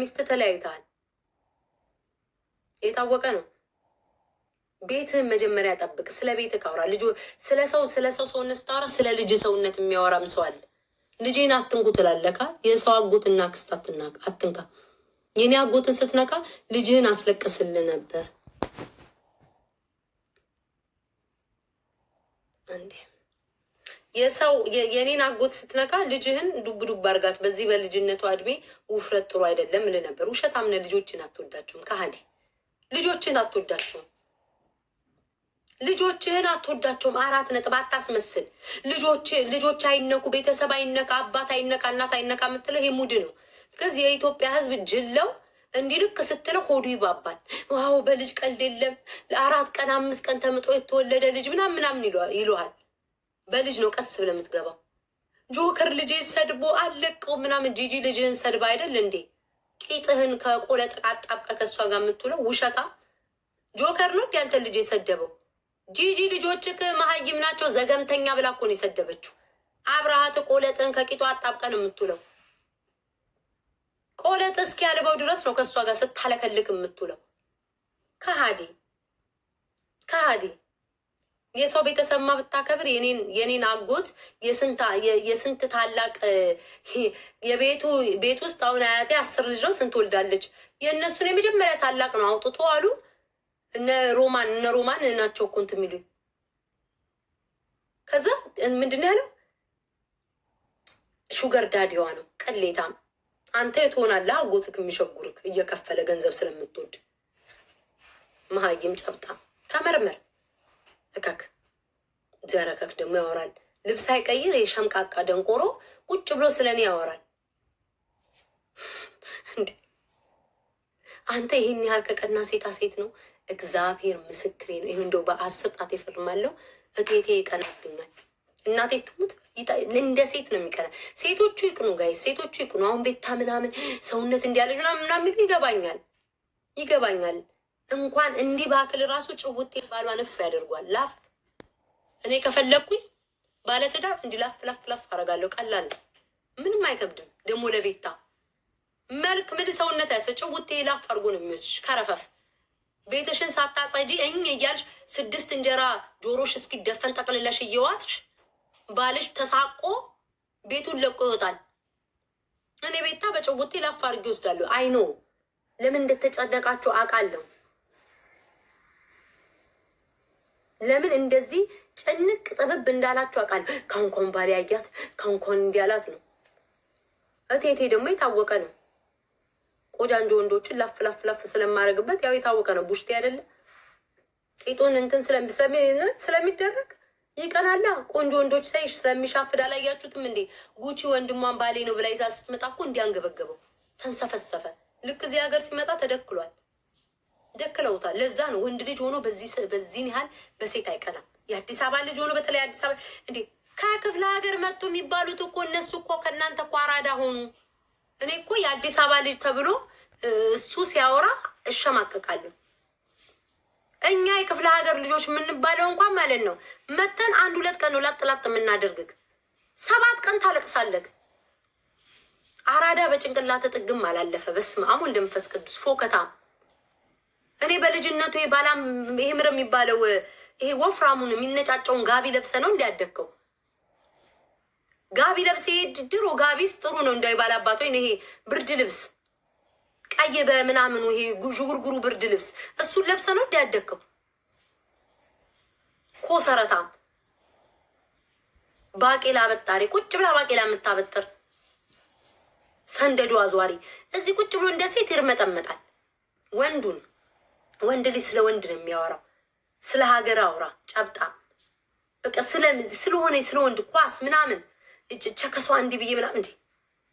ሚስት ተለያይተሃል፣ የታወቀ ነው። ቤትህን መጀመሪያ ጠብቅ። ስለ ቤትህ ካውራ ልጅ ስለ ሰው ስለ ሰው ሰውነት ስታወራ ስለ ልጅ ሰውነት የሚያወራም ሰው አለ። ልጄን አትንኩ ትላለካ። የሰው አጎትና ክስት አትንካ። የኔ አጎትን ስትነካ ልጅህን አስለቅስል ነበር አንዴ የሰው የኔን አጎት ስትነካ ልጅህን ዱብ ዱብ አርጋት። በዚህ በልጅነቱ እድሜ ውፍረት ጥሩ አይደለም ል ነበር። ውሸት አምነ ልጆችን አትወዳቸውም። ከሀዲ ልጆችን አትወዳቸውም። ልጆችህን አትወዳቸውም። አራት ነጥብ አታስመስል። ልጆች ልጆች አይነኩ፣ ቤተሰብ አይነካ፣ አባት አይነካ፣ እናት አይነካ የምትለው ይሄ ሙድ ነው። ከዚ የኢትዮጵያ ህዝብ ጅለው እንዲልክ ስትል ስትለው ሆዱ ይባባል። ዋው በልጅ ቀልድ የለም። ለአራት ቀን አምስት ቀን ተምጦ የተወለደ ልጅ ምናምን ምናምን ይለዋል በልጅ ነው ቀስ ብለህ የምትገባው። ጆከር ልጄ ሰድቦ አለቀው ምናምን ጂጂ ልጅህን ሰድባ አይደል እንዴ? ቂጥህን ከቆለጥ ጠቃጣብቀ ከእሷ ጋር የምትውለው ውሸታ ጆከር ነው እንዲ ልጅ የሰደበው። ጂጂ ልጆችክ መሀይም ናቸው ዘገምተኛ ብላ እኮ ነው የሰደበችው። አብረሃት ቆለጥህን ከቂጧ አጣብቀ ነው የምትውለው። ቆለጥ እስኪ ያልበው ድረስ ነው ከእሷ ጋር ስታለከልክ የምትውለው። ከሃዲ ከሃዲ የሰው ቤተሰብማ ብታከብር የኔን አጎት የስንት ታላቅ የቤቱ ቤት ውስጥ አሁን አያቴ አስር ልጅ ነው ስንት ወልዳለች። የእነሱን የመጀመሪያ ታላቅ ነው አውጥቶ አሉ እነ ሮማን እነ ሮማን ናቸው እኮ እንትን የሚሉኝ። ከዛ ምንድን ነው ያለው? ሹገር ዳዲዋ ነው ቅሌታም። አንተ የትሆናለህ አጎትክ የሚሸጉርክ እየከፈለ ገንዘብ ስለምትወድ መሀይም ጨብጣ ተመርመር እከክ ዘረከክ ደግሞ ያወራል። ልብስ አይቀይር የሸምቃቃ ደንቆሮ ቁጭ ብሎ ስለኔ ያወራል። አንተ ይህን ያህል ከቀና ሴታ ሴት ነው። እግዚአብሔር ምስክሬ ነው። ይህ እንደው በአስር ጣት ይፈርማለሁ። እቴቴ ይቀናብኛል። እናቴ ትሙት እንደ ሴት ነው የሚቀና። ሴቶቹ ይቅኑ ጋይ ሴቶቹ ይቅኑ። አሁን ቤታ ምናምን ሰውነት እንዲያለች ምናምን ይገባኛል ይገባኛል እንኳን እንዲህ በአክል ራሱ ጭውቴን ባሏን እፍ ያደርጓል። ላፍ እኔ ከፈለግኩኝ ባለትዳር እንዲህ ላፍ ላፍ ላፍ አደርጋለሁ። ቀላል ምንም አይከብድም። ደግሞ ለቤታ መልክ ምን ሰውነት ያሰ ጭውቴ ላፍ አድርጎ ነው የሚወስድሽ። ከረፈፍ ቤትሽን ሳታጸጂ እኝ እያልሽ ስድስት እንጀራ ዶሮሽ እስኪደፈን ጠቅልለሽ እየዋትሽ ባልሽ ተሳቆ ቤቱን ለቆ ይወጣል። እኔ ቤታ በጭውቴ ላፍ አድርጌ ይወስዳለሁ። አይኖ ለምን እንደተጨነቃችሁ አውቃለሁ። ለምን እንደዚህ ጭንቅ ጥብብ እንዳላችሁ አውቃለሁ። ካንኮን ባል ያያት ካንኮን እንዲያላት ነው። እቴቴ ደግሞ የታወቀ ነው። ቆጃንጆ ወንዶችን ላፍ ላፍ ላፍ ስለማደርግበት ያው የታወቀ ነው። ቡሽቴ አይደለ ቂጡን እንትን ስለሚደረግ ይቀናላ። ቆንጆ ወንዶች ሳይሽ ስለሚሻፍድ አላያችሁትም እንዴ? ጉቺ ወንድሟን ባሌ ነው ብላ ይዛ ስትመጣ እኮ እንዲያንገበገበው ተንሰፈሰፈ። ልክ እዚህ ሀገር ሲመጣ ተደክሏል። ደክለውታል። ለዛ ነው ወንድ ልጅ ሆኖ በዚህን ያህል በሴት አይቀናም። የአዲስ አበባ ልጅ ሆኖ በተለይ አዲስ አበባ እንዴ ከክፍለ ሀገር መጡ የሚባሉት እኮ እነሱ እኮ ከእናንተ እኮ አራዳ ሆኑ። እኔ እኮ የአዲስ አበባ ልጅ ተብሎ እሱ ሲያወራ እሸማቀቃለሁ። እኛ የክፍለ ሀገር ልጆች የምንባለው እንኳን ማለት ነው መተን አንድ ሁለት ቀን ነው ላጥ ላጥ የምናደርግግ ሰባት ቀን ታለቅሳለግ። አራዳ በጭንቅላት ጥግም አላለፈ። በስመ አብ ወወልድ ወመንፈስ ቅዱስ ፎከታ እኔ በልጅነቱ ባላ ይሄ ምር የሚባለው ይሄ ወፍራሙን የሚነጫጨውን ጋቢ ለብሰ ነው እንዲያደግከው ጋቢ ለብስ ድሮ ጋቢስ ጥሩ ነው እንዳይ ባላባት ወይ ይሄ ብርድ ልብስ ቀይ በምናምኑ ይሄ ዥጉርጉሩ ብርድ ልብስ እሱን ለብሰ ነው እንዲያደግከው ኮሰረታም ባቄላ በጣሪ ቁጭ ብላ ባቄላ የምታበጥር ሰንደዶ አዟሪ እዚህ ቁጭ ብሎ እንደ ሴት ይርመጠመጣል ወንዱን ወንድ ልጅ ስለ ወንድ ነው የሚያወራው። ስለ ሀገር አውራ ጨብጣ በቃ ስለሆነ ስለ ወንድ ኳስ ምናምን ቸከሷ እንዲህ ብዬ ምናምን እንዲህ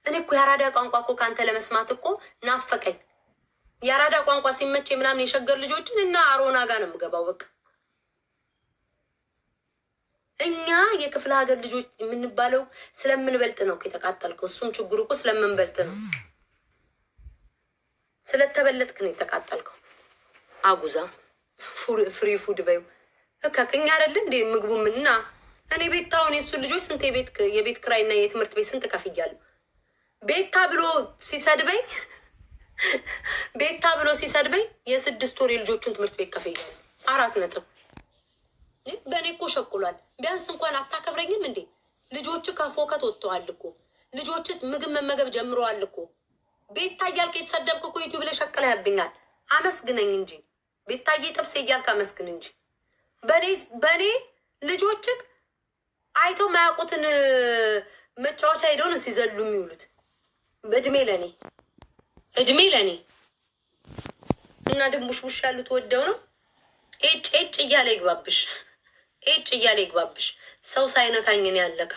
እኔ እኮ የአራዳ ቋንቋ እኮ ከአንተ ለመስማት እኮ ናፈቀኝ። የአራዳ ቋንቋ ሲመቼ ምናምን የሸገር ልጆችን እና አሮና ጋር ነው የምገባው። በቃ እኛ የክፍለ ሀገር ልጆች የምንባለው ስለምንበልጥ ነው የተቃጠልከው። እሱም ችግሩ እኮ ስለምንበልጥ ነው። ስለተበለጥክ ነው የተቃጠልከው። አጉዛ ፍሪ ፉድ በዩ በቃ ቅኛ አይደለ እንዴ ምግቡ ምና እኔ ቤታ አሁን የሱ ልጆች ስንት የቤት ክራይና የትምህርት ቤት ስንት ከፍያለሁ። ቤታ ብሎ ሲሰድበኝ ቤታ ብሎ ሲሰድበኝ የስድስት ወር የልጆቹን ትምህርት ቤት ከፍያለሁ። አራት ነጥብ በእኔ እኮ ሸቁሏል። ቢያንስ እንኳን አታከብረኝም እንዴ? ልጆች ከፎከት ወጥተዋል እኮ ልጆች ምግብ መመገብ ጀምረዋል እኮ ቤታ እያልክ የተሰደብክ እኮ ዩቲዩብ ላይ ሸቅለህብኛል። አመስግነኝ እንጂ ቤታዬ ጥብሴ እያልክ አመስግን እንጂ በእኔ ልጆችን አይተው ማያውቁትን መጫወቻ ሄደው ነው ሲዘሉ የሚውሉት። እድሜ ለእኔ እድሜ ለእኔ እና ድንቡሽ ቡሽ ያሉት ወደው ነው። ኤጭ ኤጭ እያለ ይግባብሽ፣ ኤጭ እያለ ይግባብሽ። ሰው ሳይነካኝን ያለካ